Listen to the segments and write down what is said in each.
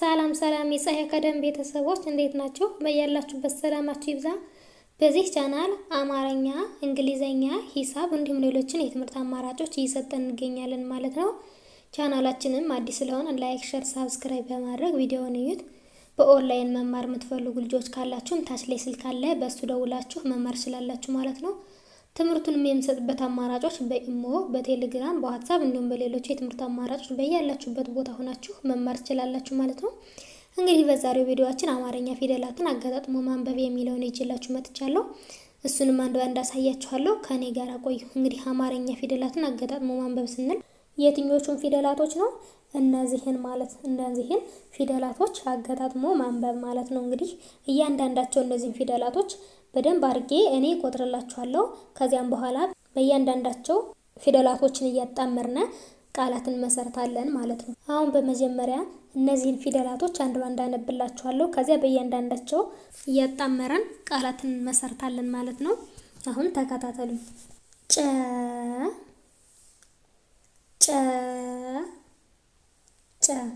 ሰላም ሰላም የፀሐይ አካዳሚ ቤተሰቦች እንዴት ናችሁ? በያላችሁበት ሰላማችሁ ይብዛ። በዚህ ቻናል አማርኛ፣ እንግሊዘኛ፣ ሂሳብ እንዲሁም ሌሎችን የትምህርት አማራጮች እየሰጠን እንገኛለን ማለት ነው። ቻናላችንም አዲስ ስለሆነ ላይክ፣ ሸር፣ ሳብስክራይብ በማድረግ ቪዲዮውን እዩት። በኦንላይን መማር የምትፈልጉ ልጆች ካላችሁም ታች ላይ ስልክ አለ፣ በእሱ ደውላችሁ መማር ችላላችሁ ማለት ነው። ትምህርቱን የምሰጥበት አማራጮች በኢሞ፣ በቴሌግራም፣ በዋትሳፕ እንዲሁም በሌሎች የትምህርት አማራጮች በያላችሁበት ቦታ ሆናችሁ መማር ትችላላችሁ ማለት ነው። እንግዲህ በዛሬው ቪዲዮችን አማርኛ ፊደላትን አገጣጥሞ ማንበብ የሚለውን ይዤላችሁ መጥቻለሁ። እሱንም አንድ ባንድ አሳያችኋለሁ። ከእኔ ጋር ቆዩ። እንግዲህ አማርኛ ፊደላትን አገጣጥሞ ማንበብ ስንል የትኞቹን ፊደላቶች ነው? እነዚህን ማለት እነዚህን ፊደላቶች አገጣጥሞ ማንበብ ማለት ነው። እንግዲህ እያንዳንዳቸው እነዚህን ፊደላቶች በደንብ አድርጌ እኔ ቆጥርላችኋለሁ። ከዚያም በኋላ በእያንዳንዳቸው ፊደላቶችን እያጣመርነ ቃላትን እንመሰርታለን ማለት ነው። አሁን በመጀመሪያ እነዚህን ፊደላቶች አንድ ባንድ አነብላችኋለሁ። ከዚያ በእያንዳንዳቸው እያጣመረን ቃላትን መሰርታለን ማለት ነው። አሁን ተከታተሉ። ጨ ጨ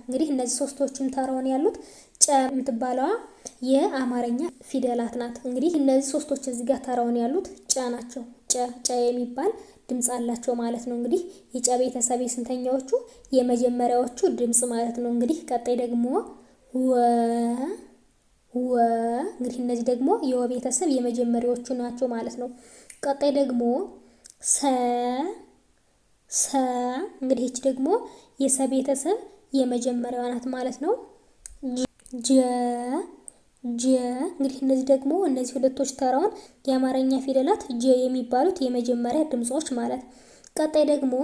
እንግዲህ እነዚህ ሶስቶቹም ተራውን ያሉት ጨ የምትባለዋ የአማርኛ ፊደላት ናት። እንግዲህ እነዚህ ሶስቶች እዚህ ጋር ተራውን ያሉት ጨ ናቸው። ጨ ጨ የሚባል ድምፅ አላቸው ማለት ነው። እንግዲህ የጨ ቤተሰብ የስንተኛዎቹ የመጀመሪያዎቹ ድምፅ ማለት ነው። እንግዲህ ቀጣይ ደግሞ ወ ወ እንግዲህ እነዚህ ደግሞ የወ ቤተሰብ የመጀመሪያዎቹ ናቸው ማለት ነው። ቀጣይ ደግሞ ሰ ሰ እንግዲህ ይቺ ደግሞ የሰ ቤተሰብ የመጀመሪያዋ ናት ማለት ነው። ጀ ጀ እንግዲህ እነዚህ ደግሞ እነዚህ ሁለቶች ተራውን የአማርኛ ፊደላት ጀ የሚባሉት የመጀመሪያ ድምጾች ማለት። ቀጣይ ደግሞ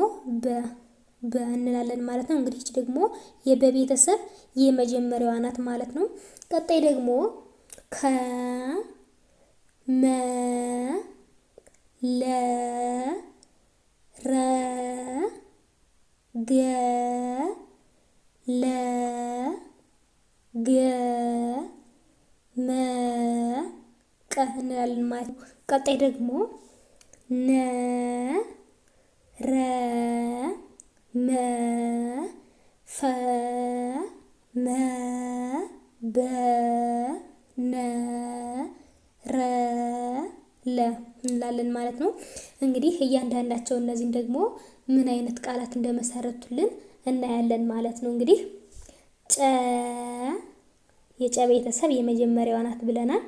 በ በ እንላለን ማለት ነው። እንግዲህ ደግሞ የበቤተሰብ የመጀመሪያዋ ናት ማለት ነው። ቀጣይ ደግሞ ከ መ ለ ረ ገ እናያለን ማለት ነው። ቀጣይ ደግሞ ነ ረ መ ፈ መ በ ነ ረ ለ እንላለን ማለት ነው። እንግዲህ እያንዳንዳቸው እነዚህን ደግሞ ምን አይነት ቃላት እንደመሰረቱልን እናያለን ማለት ነው። እንግዲህ ጨ የጨ ቤተሰብ የመጀመሪያዋ ናት ብለናል።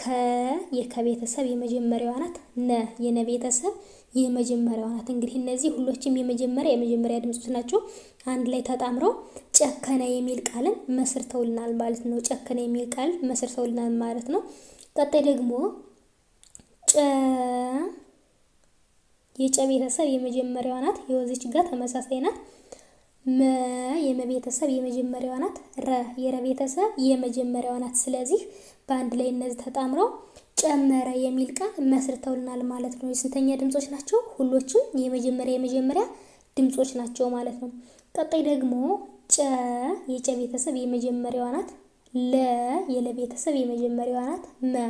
ከ የከቤተሰብ የመጀመሪያዋ ናት። ነ የነቤተሰብ የመጀመሪያዋ ናት። እንግዲህ እነዚህ ሁሎችም የመጀመሪያ የመጀመሪያ ድምጾች ናቸው። አንድ ላይ ተጣምረው ጨከነ የሚል ቃልን መስርተውልናል ማለት ነው። ጨከነ የሚል ቃል መስርተውልናል ማለት ነው። ቀጣይ ደግሞ ጨ የጨ ቤተሰብ የመጀመሪያዋ ናት። የወዚች ጋር ተመሳሳይ ናት። መ የመቤተሰብ የመጀመሪያዋ ናት። ረ የረቤተሰብ የመጀመሪያዋ ናት። ስለዚህ በአንድ ላይ እነዚህ ተጣምረው ጨመረ የሚል ቃል መስርተውልናል ማለት ነው። የስንተኛ ድምጾች ናቸው? ሁሎችም የመጀመሪያ የመጀመሪያ ድምጾች ናቸው ማለት ነው። ቀጣይ ደግሞ ጨ የጨ ቤተሰብ የመጀመሪያዋ ናት። ለ የለቤተሰብ የመጀመሪያዋ ናት። መ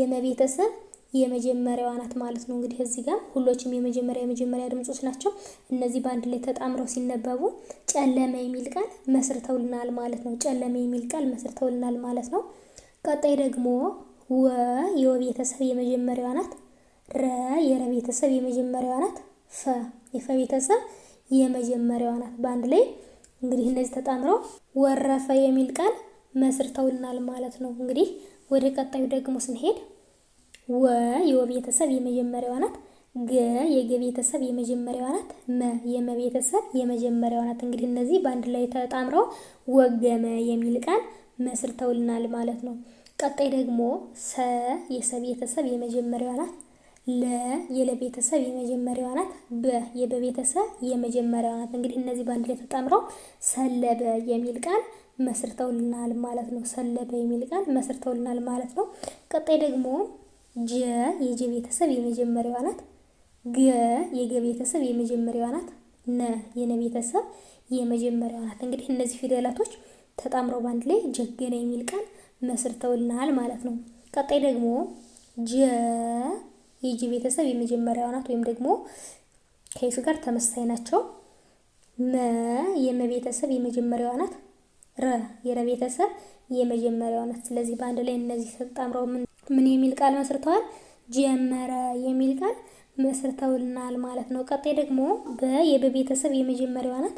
የመቤተሰብ የመጀመሪያዋ ናት ማለት ነው። እንግዲህ እዚህ ጋር ሁሎችም የመጀመሪያ የመጀመሪያ ድምጾች ናቸው። እነዚህ በአንድ ላይ ተጣምረው ሲነበቡ ጨለመ የሚል ቃል መስርተውልናል ማለት ነው። ጨለመ የሚል ቃል መስርተውልናል ማለት ነው። ቀጣይ ደግሞ ወ የወ ቤተሰብ የመጀመሪያዋ ናት። ረ የረ ቤተሰብ የመጀመሪያዋ ናት። ፈ የፈ ቤተሰብ የመጀመሪያዋ ናት። በአንድ ላይ እንግዲህ እነዚህ ተጣምረው ወረፈ የሚል ቃል መስርተውልናል ማለት ነው። እንግዲህ ወደ ቀጣዩ ደግሞ ስንሄድ ወ የወ ቤተሰብ የመጀመሪያዋ ናት። ገ የገ ቤተሰብ የመጀመሪያዋ ናት። መ የመ ቤተሰብ የመጀመሪያዋ ናት። እንግዲህ እነዚህ በአንድ ላይ ተጣምረው ወገመ የሚል ቃል መስርተውልናል ማለት ነው። ቀጣይ ደግሞ ሰ የሰ ቤተሰብ የመጀመሪያዋ ናት። ለ የለ ቤተሰብ የመጀመሪያዋ ናት። በ የበ ቤተሰብ የመጀመሪያዋ ናት። እንግዲህ እነዚህ በአንድ ላይ ተጣምረው ሰለበ የሚል ቃል መስርተውልናል ማለት ነው። ሰለበ የሚል ቃል መስርተውልናል ማለት ነው። ቀጣይ ደግሞ ጀ የጀ ቤተሰብ የመጀመሪያዋ ናት። ገ የገ ቤተሰብ የመጀመሪያዋ ናት። ነ የነ ቤተሰብ የመጀመሪያዋ ናት። እንግዲህ እነዚህ ፊደላቶች ተጣምረው በአንድ ላይ ጀገነ የሚል ቃል መስርተውልናል ማለት ነው። ቀጣይ ደግሞ ጀ የጀ ቤተሰብ የመጀመሪያዋ ናት ወይም ደግሞ ከይሱ ጋር ተመሳሳይ ናቸው። መ የመ ቤተሰብ የመጀመሪያዋ ናት። ረ የረ ቤተሰብ የመጀመሪያዋ ናት። ስለዚህ በአንድ ላይ እነዚህ ተጣምረው ምን ምን የሚል ቃል መስርተዋል? ጀመረ የሚል ቃል መስርተውልናል ማለት ነው። ቀጣይ ደግሞ በ የበቤተሰብ የመጀመሪያዋ ናት።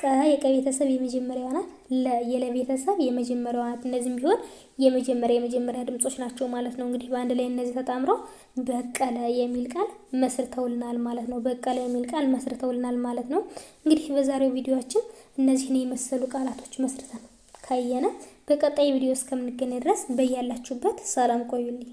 ቀ የቀ ቤተሰብ የመጀመሪያዋ ናት። ለ የለቤተሰብ የመጀመሪያዋ ናት። እነዚህም ቢሆን የመጀመሪያ የመጀመሪያ ድምጾች ናቸው ማለት ነው። እንግዲህ በአንድ ላይ እነዚህ ተጣምረው በቀለ የሚል ቃል መስርተውልናል ማለት ነው። በቀለ የሚል ቃል መስርተውልናል ማለት ነው። እንግዲህ በዛሬው ቪዲዮአችን እነዚህን የመሰሉ ቃላቶች መስርተናል። ካየነ። በቀጣይ ቪዲዮ እስከምንገናኝ ድረስ በያላችሁበት ሰላም ቆዩልኝ።